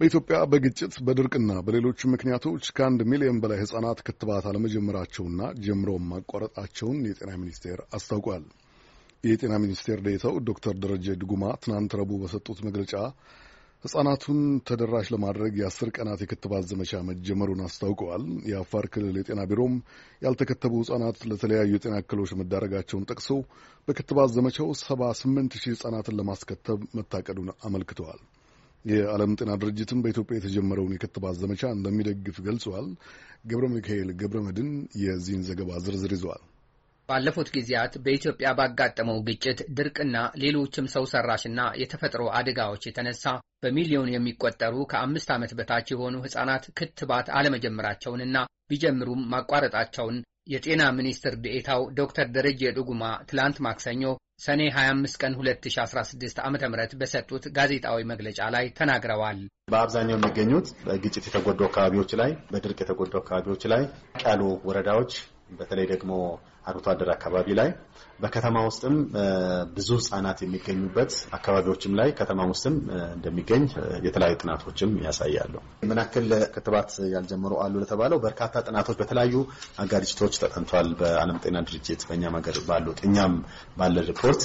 በኢትዮጵያ በግጭት በድርቅና በሌሎች ምክንያቶች ከአንድ ሚሊዮን በላይ ሕጻናት ክትባት አለመጀመራቸውና ጀምረውም ማቋረጣቸውን የጤና ሚኒስቴር አስታውቋል። የጤና ሚኒስቴር ዴኤታው ዶክተር ደረጀ ድጉማ ትናንት ረቡዕ በሰጡት መግለጫ ሕጻናቱን ተደራሽ ለማድረግ የአስር ቀናት የክትባት ዘመቻ መጀመሩን አስታውቀዋል። የአፋር ክልል የጤና ቢሮም ያልተከተቡ ሕጻናት ለተለያዩ የጤና እክሎች መዳረጋቸውን ጠቅሶ በክትባት ዘመቻው ሰባ ስምንት ሺህ ሕጻናትን ለማስከተብ መታቀዱን አመልክተዋል። የዓለም ጤና ድርጅትም በኢትዮጵያ የተጀመረውን የክትባት ዘመቻ እንደሚደግፍ ገልጸዋል። ገብረ ሚካኤል ገብረ መድን የዚህን ዘገባ ዝርዝር ይዘዋል። ባለፉት ጊዜያት በኢትዮጵያ ባጋጠመው ግጭት፣ ድርቅና ሌሎችም ሰው ሰራሽና የተፈጥሮ አደጋዎች የተነሳ በሚሊዮን የሚቆጠሩ ከአምስት ዓመት በታች የሆኑ ሕፃናት ክትባት አለመጀመራቸውንና ቢጀምሩም ማቋረጣቸውን የጤና ሚኒስትር ዴኤታው ዶክተር ደረጀ ዱጉማ ትላንት ማክሰኞ ሰኔ 25 ቀን 2016 ዓ ም በሰጡት ጋዜጣዊ መግለጫ ላይ ተናግረዋል። በአብዛኛው የሚገኙት በግጭት የተጎዱ አካባቢዎች ላይ፣ በድርቅ የተጎዱ አካባቢዎች ላይ ቀሉ ወረዳዎች በተለይ ደግሞ አርብቶ አደር አካባቢ ላይ በከተማ ውስጥም ብዙ ህጻናት የሚገኙበት አካባቢዎችም ላይ ከተማ ውስጥም እንደሚገኝ የተለያዩ ጥናቶችም ያሳያሉ። ምን ያክል ክትባት ያልጀመሩ አሉ ለተባለው በርካታ ጥናቶች በተለያዩ አጋሪጭቶች ተጠንቷል። በዓለም ጤና ድርጅት በእኛም ሀገር ባሉት እኛም ባለ ሪፖርት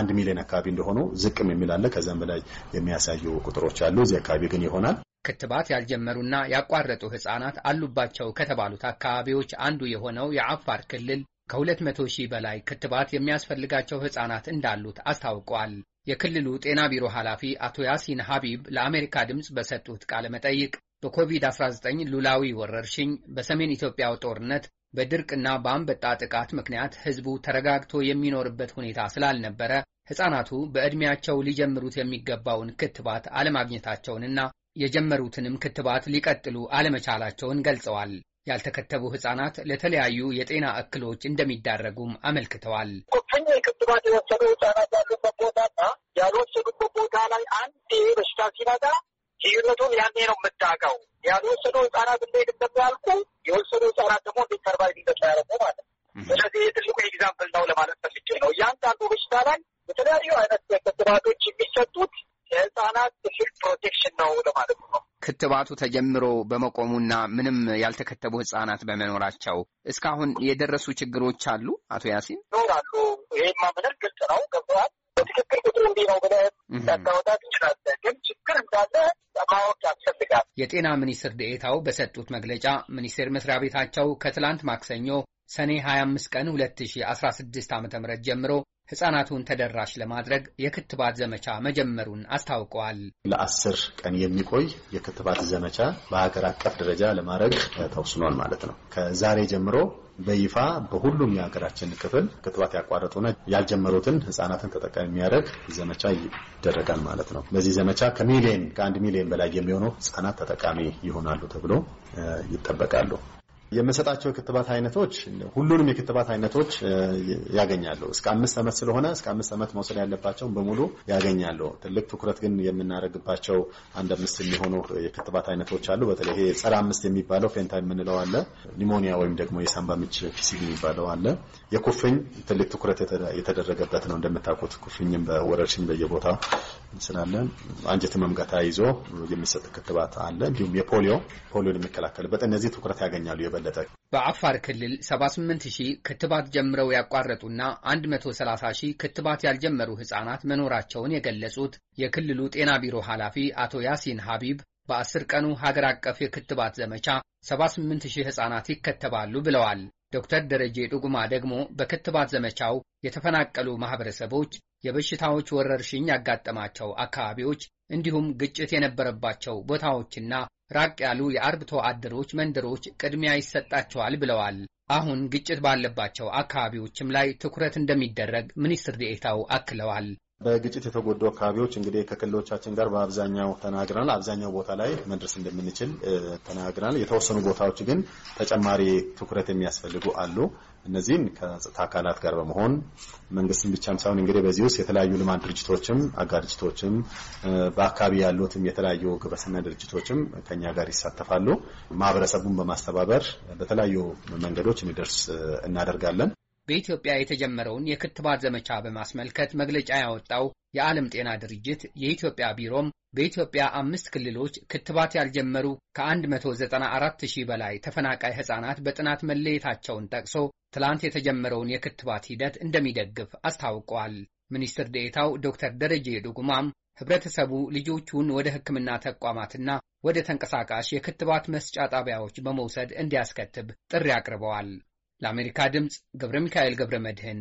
አንድ ሚሊዮን አካባቢ እንደሆኑ ዝቅም የሚላለ ከዚያም በላይ የሚያሳዩ ቁጥሮች አሉ። እዚህ አካባቢ ግን ይሆናል ክትባት ያልጀመሩና ያቋረጡ ሕፃናት አሉባቸው ከተባሉት አካባቢዎች አንዱ የሆነው የአፋር ክልል ከ200 ሺህ በላይ ክትባት የሚያስፈልጋቸው ሕፃናት እንዳሉት አስታውቋል። የክልሉ ጤና ቢሮ ኃላፊ አቶ ያሲን ሀቢብ ለአሜሪካ ድምፅ በሰጡት ቃለ መጠይቅ በኮቪድ-19 ሉላዊ ወረርሽኝ፣ በሰሜን ኢትዮጵያው ጦርነት፣ በድርቅና በአንበጣ ጥቃት ምክንያት ሕዝቡ ተረጋግቶ የሚኖርበት ሁኔታ ስላልነበረ ሕፃናቱ በዕድሜያቸው ሊጀምሩት የሚገባውን ክትባት አለማግኘታቸውንና የጀመሩትንም ክትባት ሊቀጥሉ አለመቻላቸውን ገልጸዋል። ያልተከተቡ ህጻናት ለተለያዩ የጤና እክሎች እንደሚዳረጉም አመልክተዋል። ኩፍኝ ክትባት የወሰዱ ህጻናት ያሉበት ቦታና ያልወሰዱበት ቦታ ላይ አንድ በሽታ ሲመጣ ልዩነቱን ያኔ ነው የምታውቀው። ያልወሰዱ ህጻናት እንዴት እንደሚያልቁ፣ የወሰዱ ህጻናት ደግሞ እንዴት ሰርቫይቭ እንደሚያደርጉ ማለት ነው። ስለዚህ የትልቁ ኤግዛምፕል ነው ለማለት ፈልጌ ነው። እያንዳንዱ በሽታ ላይ የተለያዩ አይነት ክትባቶች የሚሰጡት የህጻናት ፕሮቴክሽን ነው ለማለት ነው። ክትባቱ ተጀምሮ በመቆሙና ምንም ያልተከተቡ ህጻናት በመኖራቸው እስካሁን የደረሱ ችግሮች አሉ። አቶ ያሲን ይኖራሉ። ይሄማ ምንም ግልጽ ነው ገብተዋል። በትክክል ቁጥሩ እንዲህ ነው ብለህ ያታወጣት እንችላለን፣ ግን ችግር እንዳለ ማወቅ ያስፈልጋል። የጤና ሚኒስትር ደኤታው በሰጡት መግለጫ ሚኒስቴር መስሪያ ቤታቸው ከትላንት ማክሰኞ ሰኔ 25 ቀን 2016 ዓ ም ጀምሮ ሕፃናቱን ተደራሽ ለማድረግ የክትባት ዘመቻ መጀመሩን አስታውቀዋል። ለአስር ቀን የሚቆይ የክትባት ዘመቻ በሀገር አቀፍ ደረጃ ለማድረግ ተወስኗል ማለት ነው። ከዛሬ ጀምሮ በይፋ በሁሉም የሀገራችን ክፍል ክትባት ያቋረጡና ያልጀመሩትን ህጻናትን ተጠቃሚ የሚያደርግ ዘመቻ ይደረጋል ማለት ነው። በዚህ ዘመቻ ከሚሊየን ከአንድ ሚሊዮን በላይ የሚሆኑ ህጻናት ተጠቃሚ ይሆናሉ ተብሎ ይጠበቃሉ። የምሰጣቸው የክትባት አይነቶች ሁሉንም የክትባት አይነቶች ያገኛሉ። እስከ አምስት ዓመት ስለሆነ እስከ አምስት ዓመት መውሰድ ያለባቸውን በሙሉ ያገኛሉ። ትልቅ ትኩረት ግን የምናደርግባቸው አንድ አምስት የሚሆኑ የክትባት አይነቶች አሉ። በተለይ ይሄ ጸረ አምስት የሚባለው ፌንታ የምንለው አለ። ኒሞኒያ ወይም ደግሞ የሳምባ ምች ፒሲቪ የሚባለው አለ። የኩፍኝ ትልቅ ትኩረት የተደረገበት ነው። እንደምታውቁት ኩፍኝም በወረርሽኝ በየቦታው ስላለ አንጀት መምጋታ ይዞ የሚሰጥ ክትባት አለ። እንዲሁም የፖሊዮ ፖሊዮን የሚከላከልበት እነዚህ ትኩረት ያገኛሉ። የበለጠ በአፋር ክልል 78 ሺህ ክትባት ጀምረው ያቋረጡና 130 ሺህ ክትባት ያልጀመሩ ሕፃናት መኖራቸውን የገለጹት የክልሉ ጤና ቢሮ ኃላፊ አቶ ያሲን ሀቢብ በአስር ቀኑ ሀገር አቀፍ የክትባት ዘመቻ 78 ሺህ ሕፃናት ይከተባሉ ብለዋል። ዶክተር ደረጀ ዱጉማ ደግሞ በክትባት ዘመቻው የተፈናቀሉ ማህበረሰቦች፣ የበሽታዎች ወረርሽኝ ያጋጠማቸው አካባቢዎች እንዲሁም ግጭት የነበረባቸው ቦታዎችና ራቅ ያሉ የአርብቶ አደሮች መንደሮች ቅድሚያ ይሰጣቸዋል ብለዋል። አሁን ግጭት ባለባቸው አካባቢዎችም ላይ ትኩረት እንደሚደረግ ሚኒስትር ዴኤታው አክለዋል። በግጭት የተጎዱ አካባቢዎች እንግዲህ ከክልሎቻችን ጋር በአብዛኛው ተናግረናል። አብዛኛው ቦታ ላይ መድረስ እንደምንችል ተናግረናል። የተወሰኑ ቦታዎች ግን ተጨማሪ ትኩረት የሚያስፈልጉ አሉ። እነዚህን ከጸጥታ አካላት ጋር በመሆን መንግስትን ብቻም ሳይሆን እንግዲህ በዚህ ውስጥ የተለያዩ ልማት ድርጅቶችም አጋር ድርጅቶችም በአካባቢ ያሉትም የተለያዩ ግብረሰናይ ድርጅቶችም ከኛ ጋር ይሳተፋሉ። ማህበረሰቡን በማስተባበር በተለያዩ መንገዶች እንዲደርስ እናደርጋለን። በኢትዮጵያ የተጀመረውን የክትባት ዘመቻ በማስመልከት መግለጫ ያወጣው የዓለም ጤና ድርጅት የኢትዮጵያ ቢሮም በኢትዮጵያ አምስት ክልሎች ክትባት ያልጀመሩ ከ194 ሺህ በላይ ተፈናቃይ ሕፃናት በጥናት መለየታቸውን ጠቅሶ ትላንት የተጀመረውን የክትባት ሂደት እንደሚደግፍ አስታውቋል። ሚኒስትር ዴኤታው ዶክተር ደረጀ ዱጉማም ህብረተሰቡ ልጆቹን ወደ ሕክምና ተቋማትና ወደ ተንቀሳቃሽ የክትባት መስጫ ጣቢያዎች በመውሰድ እንዲያስከትብ ጥሪ አቅርበዋል። ለአሜሪካ ድምፅ ገብረ ሚካኤል ገብረ መድህን